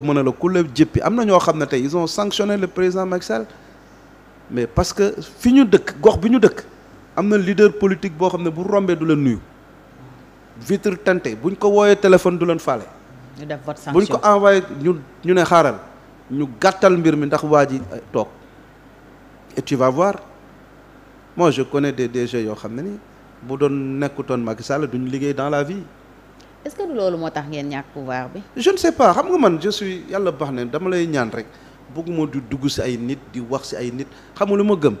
mën a la ku la jëppi am na ñoo xam ne tey ils ont sanctionné le président Macky mais parce que fi ñu dëkk gox bi ñu dëkk am na leader politique boo xam ne bu rombee du leen nuyu vitre teintée buñ ko wooyee téléphone du leen faale. ñu def vote sanction buñ ko envoyé ñu ñu ne xaaral ñu gàttal mbir mi ndax waa ji euh, toog et tu vas voir moi je connais des DG yoo xam ne ni bu doon nekkutoon Macky Sall duñ liggéey dans la vie. est-ce que loolu moo tax ngeen ñàkk pouvoir bi. je ne sais pas xam nga man je yàlla baax na dama lay ñaan rek bëgguma du dugg si ay nit di wax si ay nit xam nga lu ma gëm.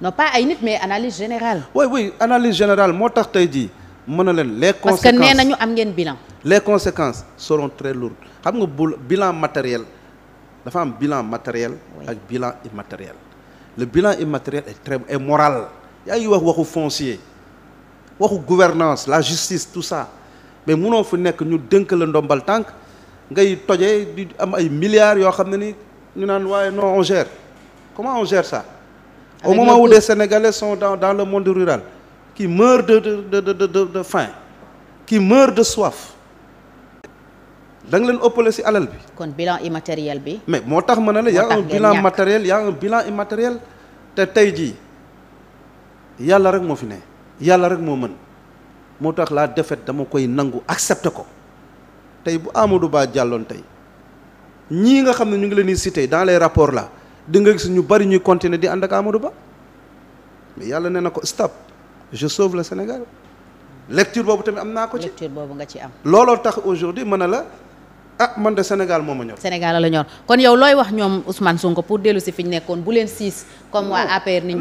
non pas ay nit mais analyse générale. oui oui analyse générale moo tax tey jii mën na leen. le conséquences parce que nañu am ngeen bilan. les conséquences seront très lourdes xam nga bu bilan matériel dafa am bilan matériel. ak bilan immatériel. le bilan immatériel est très est moral yaa ngi wax waxu foncier waxu gouvernance la justice tout ça. mais munoo fu nekk ñu dënk la ndombal tànk ngay tojee di am ay milliards yoo xam ne ni ñu naan waaye non on gère comment on gère ça au moment où des Sénégalais sont dans dans le monde rural qui meurent de de de de de faim qui de soif da leen ëppale ci alal bi. kon bilan immatériel bi. mais moo tax ma ne la y' a un bilan matériel y' a bilan immatériel te tey jii yàlla rek moo fi ne yàlla rek moo mën. moo tax la défaite dama koy nangu accepté ko tey bu amadu baa jàlloon tey ñii nga xam ne ñu ngi leen di cité dans les rapports là di nga gis ñu bari ñuy continuer di ànd ak Amadou Ba yàlla nee na ko stop je sauve le Sénégal lecture boobu tamit am naa ko ci. lecture boobu nga ci am. looloo tax aujourd'hui mën na la ah man de Sénégal moom ma ñor. Sénégal la ñor kon yow looy wax ñoom Ousmane Sonko pour dellu si fi ñu nekkoon bu leen siis. comme waa APR ni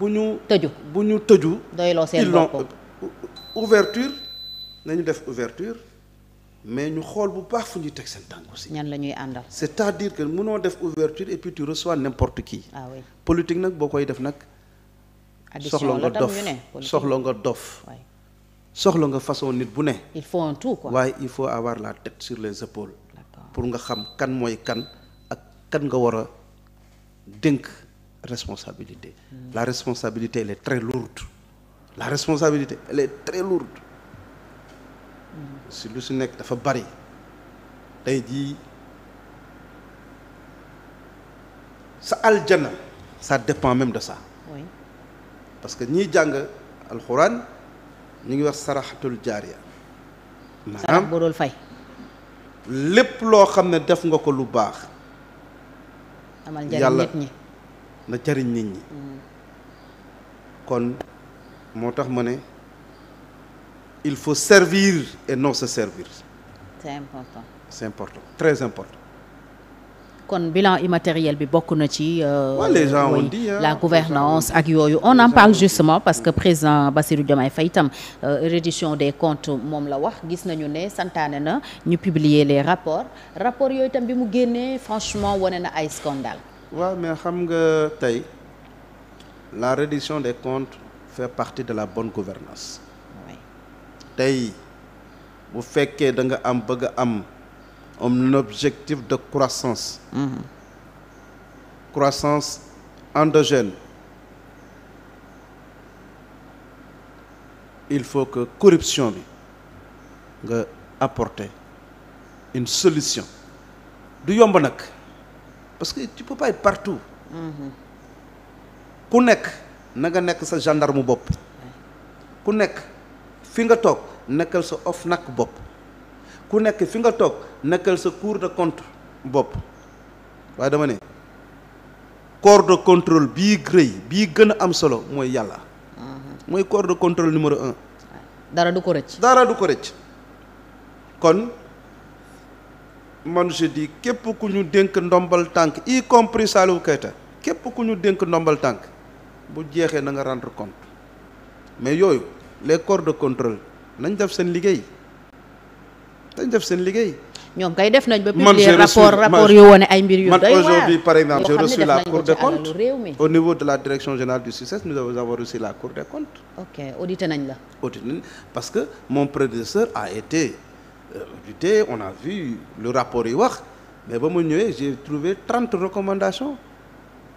bu ñu tëju bu ñu tëju. doyloo seen bopp ouverture nañu def ouverture mais ñu xool bu baax fu ñuy teg seen tànk aussi. ñan la ñuy àndal. c'est-à-dire que mënoo def ouverture et puis tu reçois n'importe qui. ah nag boo koy def nag. soxla nga dof soxla nga dof. nga façon nit bu ne. il faut un tout waaye il faut avoir la tête sur les épaules. pour nga xam kan mooy kan ak kan nga war a dénk. responsabilité. La responsabilité, elle est très lourde. La responsabilité, elle lourde. si lu si nekk dafa bari tey jii sa aljana ça dépend même de ça. Oui. parce que ñiy jàng alxuraan ñu ngi wax saraxatul jaariya. maanaam boo doon fay. lépp loo xam ne def nga ko lu baax. amal yàlla na jariñ nit ñi kon moo tax ma ne il faut servir et non se servir c'est important c'est important très important kon bilan immatériel bi bokk na ci euh, la gouvernance ak yooyu on en parle justement parce que président Bassirou Diomaye Faye itam euh, reddition des comptes moom la wax gis nañu ne santaane na ñu publier les rapports rapport yooyu tam bi mu génnee franchement wane na ay scandale waaw mais xam nga tey la reddition des comptes fait partie de la bonne gouvernance tey bu fekkee da nga am bëgg a am un objectif de croissance mmh. croissance endogène il faut que corruption bi nga apporter une solution du yomb nag parce que tu peux pas partout. Mm-hmm. ku nekk na nga nekk sa gendarme bopp. ku nekk fi nga toog nekkal sa OFNAC bopp. ku nekk fi nga toog nekkal sa cour de compte bopp waaye dama ne corps de contrôle bii rëy bii gën a am solo mooy yàlla. Mm-hmm. mooy corps de contrôle numéro un. dara du ko rëcc. dara du ko rëcc kon. man je di képp ku ñu dénk ndombal tànk y compris Salihou Keita képp ku ñu dénk ndombal tànk bu jeexee na nga rendre compte mais yooyu les corps de contrôle nañ def seen liggéey nañ def seen liggéey. ñoom kay def nañ ba publier rapport rapport yu wone ay mbir yu doy aujourd'hui par exemple j'ai reçu la cour des comptes au niveau de la direction générale du CICES e nous avons reçu la cour des comptes ok audité nañ la audité nañ parce que mon prédécesseur a été discuté on a vu le rapport yi wax mais ba ma ñëwee j'ai trouvé trente recommandation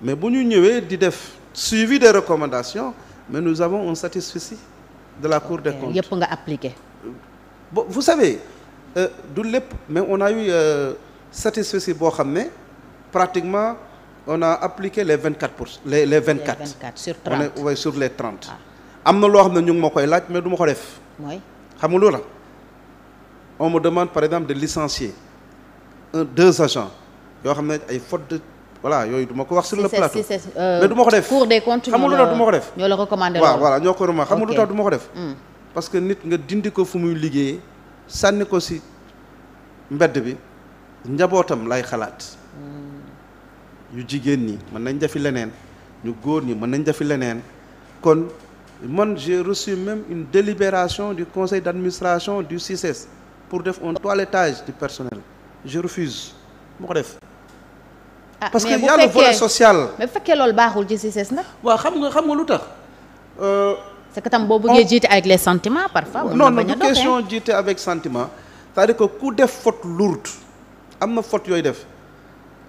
mais bu ñu ñëwee di def suivi des recommandations mais nous avons un satisfecit de la cour des comptes yëpp nga appliqué bon vous savez euh, du euh, lépp mais on a eu euh, satisfecit boo xam ne pratiquement on a appliqué les vingt quatre pour les les vingt quatre sur trente on sur les trente ah. am na loo xam ne ñu ngi ma koy laaj mais du ma ko def xam nga la on me demande par exemple de licencier un deux agents yoo xam ne ay faute de voilà yooyu duma ko wax sur le plateau euh, mais du ko def Cour des comptes xam nga lu du ma ko def ñoo la recommandé waaw voilà ko recommandé xam nga ma ko def hmm. parce que nit nga dindi ko fu muy liggéeyee sànni ko si mbedd bi njabootam lay xalaat hmm. yu jigéen ñi mën nañ defi leneen ñu góor ñi mën nañ defi leneen kon man j'ai reçu même une délibération du conseil d'administration du CICES e pour def un toilettage du personnel je refuse mu ko def. Ah, parce que y a social. mais bu fekkee loolu baaxul ci CICES nag. waaw xam nga xam nga lu tax. Euh, c'est tam boo bëggee jiite avec les sentiments parfois. non non question jiite avec sentiment. c'est-à-dire que ku def faute lourde am na faute yooy def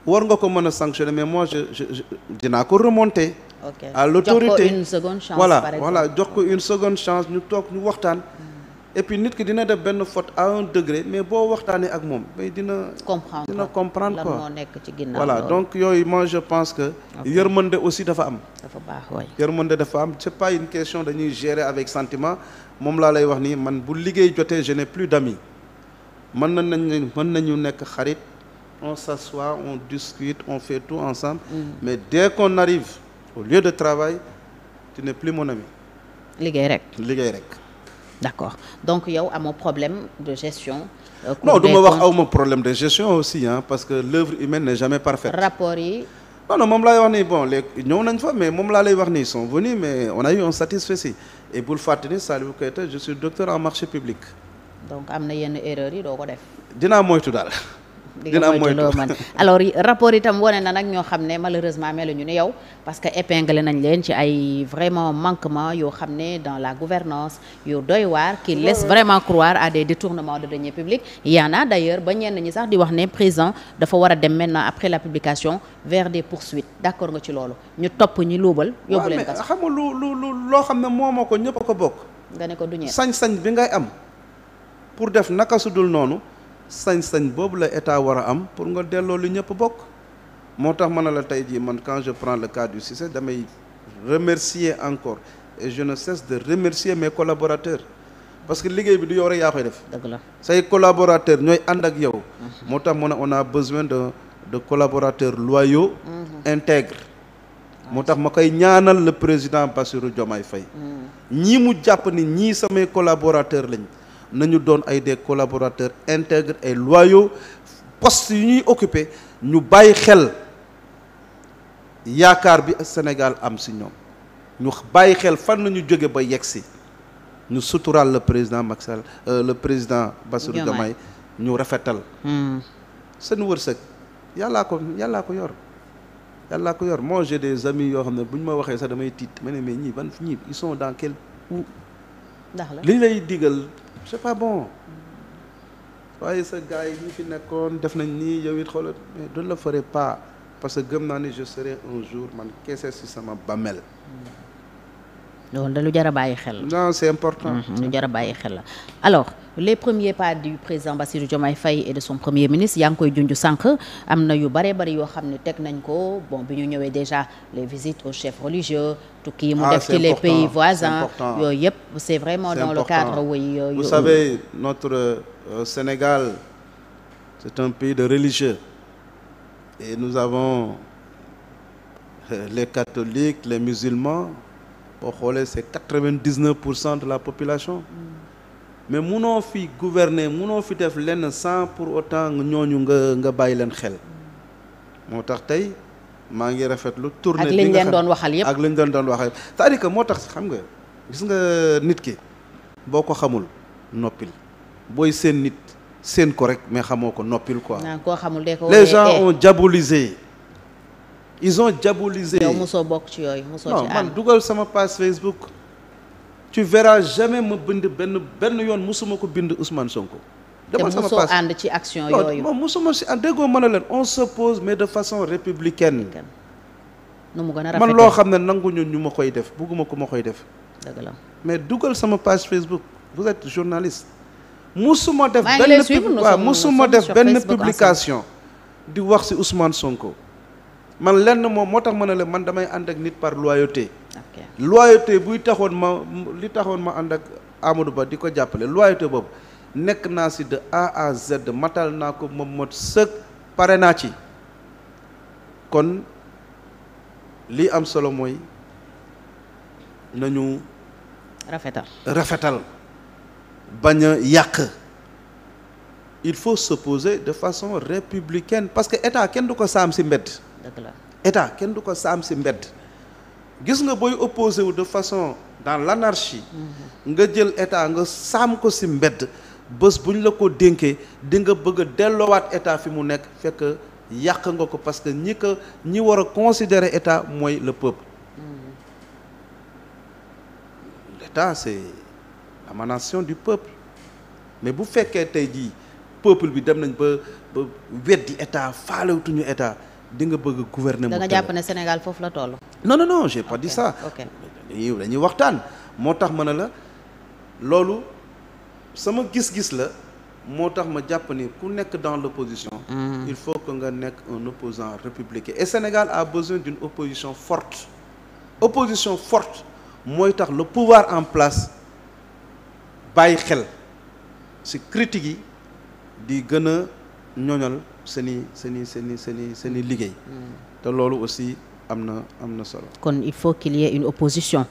war nga ko mën a sanctionner mais moi je je dinaa ko remonter. à l'autorité jox ko une voilà voilà jox ko une seconde chance ñu toog ñu waxtaan. et puis nit ki dina def benn faute à un degré mais boo waxtaanee ak moom mais dina. comprendre dina comprendre quoi lan moo nekk ci ginnaaw voilà donc yooyu moi je pense que. yërmande aussi dafa am. dafa baax waay yërmande dafa am c'est pas une question dañuy gérer avec sentiment moom laa lay wax nii man bu liggéey jotee je n'ai plus d'amis mën nañu mën nañu nekk xarit on s'assoit on discute on fait tout ensemble. Mm. mais dès qu'on arrive au lieu de travail tu n'es plus mon ami. liggéey rek liggéey rek. d'accord donc yow amoo problème de gestion. Euh, non du ma wax aw ma problème de gestion aussi ah parce que l'œuvre humaine n'est jamais parfaite. rapport yi. non non moom laay wax bon léegi ñëw nañ fa mais moom laa lay wax nii sont venus mais on a eu un satisfecit et bul fàttali Saliou Keita je suis docteur en marché public. donc am na yenn erreurs yi doo ko def. dinaa moytu daal. dina am moytu loo mën alors rapport itam wane na nag ñoo xam ne malheureusement meluñu ni yow parce que épingle nañ leen ci ay vraiment manquement yoo xam ne dans la gouvernance yu doy waar qui laisse vraiment croire à des détournements de deniers publics y en a d'ailleurs ba ñenn ñi sax di wax ne président dafa war a dem maintenant après la publication vers des poursuites d'accord nga ci loolu ñu topp ñi luubal yóbbu leen kaso xam nga lu lu lu loo xam ne moomoo ko ñëpp a ko bokk nga ne ko duñee sañ-sañ bi ngay am pour def naka su dul noonu sañ-sañ boobu la état war a am pour nga delloo lu ñëpp bokk moo tax ma ne la tey jii man quand je prends le cas du Cissé damay remercier encore et je ne cesse de remercier mes collaborateurs parce que liggéey bi du yow rek yaa koy def. dëgg la say collaborateurs ñooy ànd ak yow. Mhm. moo tax mu ne on a besoin de de collaborateurs loyaux. Mhm. intègres. moo tax ma koy ñaanal la président Bassirou Diomaye Faye. Mhm. ñii mu jàpp ni ñii samay collaborateurs lañ. nañu doon ay des collaborateurs intègres et loyaux post yu ñuy occupé ñu bàyyi xel yaakaar bi Sénégal am si ñoom ñu bàyyi xel fan na ñu jóge ba yegg si ñu suturaal le président Macky Sall euh, le président Bassirou Diomaye ñu rafetal hmm. seen wërsëg yàllaa ko yàllaa ko yor yàllaa ko yor moo j'ai des amis yoo xam ne bu ñu ma waxee sax damay tiit ma ne mais ñii ban ñii ils sont dans ndax la liñ lay digal c'est pas bon waaye sa gars yi ñu fi nekkoon def nañ nii yow it xoolal mais je ne le pas parce que gëm naa ni je un jour man keese si sama bàmmeel hmm. loolu da lu jar a bàyyi xel la. non c'est important. Mm-hmm, lu jar a bàyyi xel la alors les premiers pas du président Bassirou Diomaye Faye et de son premier ministre yaa ngi koy junj sànq am na yu bare bari yoo xam ne teg nañ ko bon bi ñu ñëwee déjà les visites aux chefs religieux. tukki yi mu ah, def ci les pays voisins yooyu yëpp c'est vraiment dans le cadre. oui vous savez notre euh, Sénégal c'est un pays de religieux. et nous avons euh, les catholiques les musulmans. boo xoolee c' est quatre vingt dix neuf pour cent de la population. mais munoo fi gouverner munoo fi def lenn sans pour autant ñooñu nga nga bàyyi leen xel. moo tax tey maa ngi rafetlu. tournée bi nga ak liñ leen doon waxal yëpp ak liñ leen doon waxal c' est à que moo tax xam nga gis nga nit ki. boo ko xamul noppil booy seen nit seen ko rek mais xamoo ko noppil quoi. koo xamul de ko les gens eh. ont ils ont diabolisé. yow bokk ci yooyu mosoo man dugal sama page Facebook. tu verras jamais ma bind benn benn yoon mosuma ko bind Ousmane Sonko. demal sama page te mosoo ànd ci action yooyu. non mosuma si ànd déggoo ma ne leen on s'oppose mais de façon républicaine. nu mu gën a man loo xam ne nanguñu ñu ma koy def bugguma ko ma koy def. mais dugal sama page Facebook vous êtes journaliste. musuma def benn. maa ma def benn publication. di wax ci Ousmane Sonko. man lenn moom moo tax ma ne la man damay ànd ak nit par loyauté. loyauté buy taxoon ma li taxoon ma ànd ak Amadou Ba di ko jàppale loyauté boobu nekk naa si de A matal naa ko moom mot sëg pare naa ci kon li am solo mooy nañu. rafetal rafetal bañ a yàq. il faut s'opposer de façon républicaine parce que état kenn du ko saam si mbedd. dëgg état kenn du ko saam si mbedd gis nga booy opposé wu de façon dans l'anarchie mhm. nga jël état nga saam ko si mbedd bés bu ñu la ko dénkee di nga bëgg a delloowaat état fi mu nekk fekk yàq nga ko parce que ñi ko ñi war a considérer état mooy le peuple mhm. l'état c'est l'émanation du peuple mais bu fekkee tey jii peuple bi dem nañ ba ba weddi état faalewtuñu état di nga bëgg gouverner. da ne Sénégal foofu la toll. non non non j'ai pas okay. dit ça. ok dañuy waxtaan moo tax ma ne la loolu sama gis-gis la moo tax ma jàpp ni ku nekk dans l'opposition. Mm. il faut que nga nekk un opposant républicain et Sénégal a besoin d'une opposition forte. opposition forte mooy tax le pouvoir en place bàyyi xel ci critique yi di gën a ñoñal. seen i seen i seen i seen i seen i mm. liggéey mm. te loolu aussi am na am na solo kon il faut qu'il y ait une opposition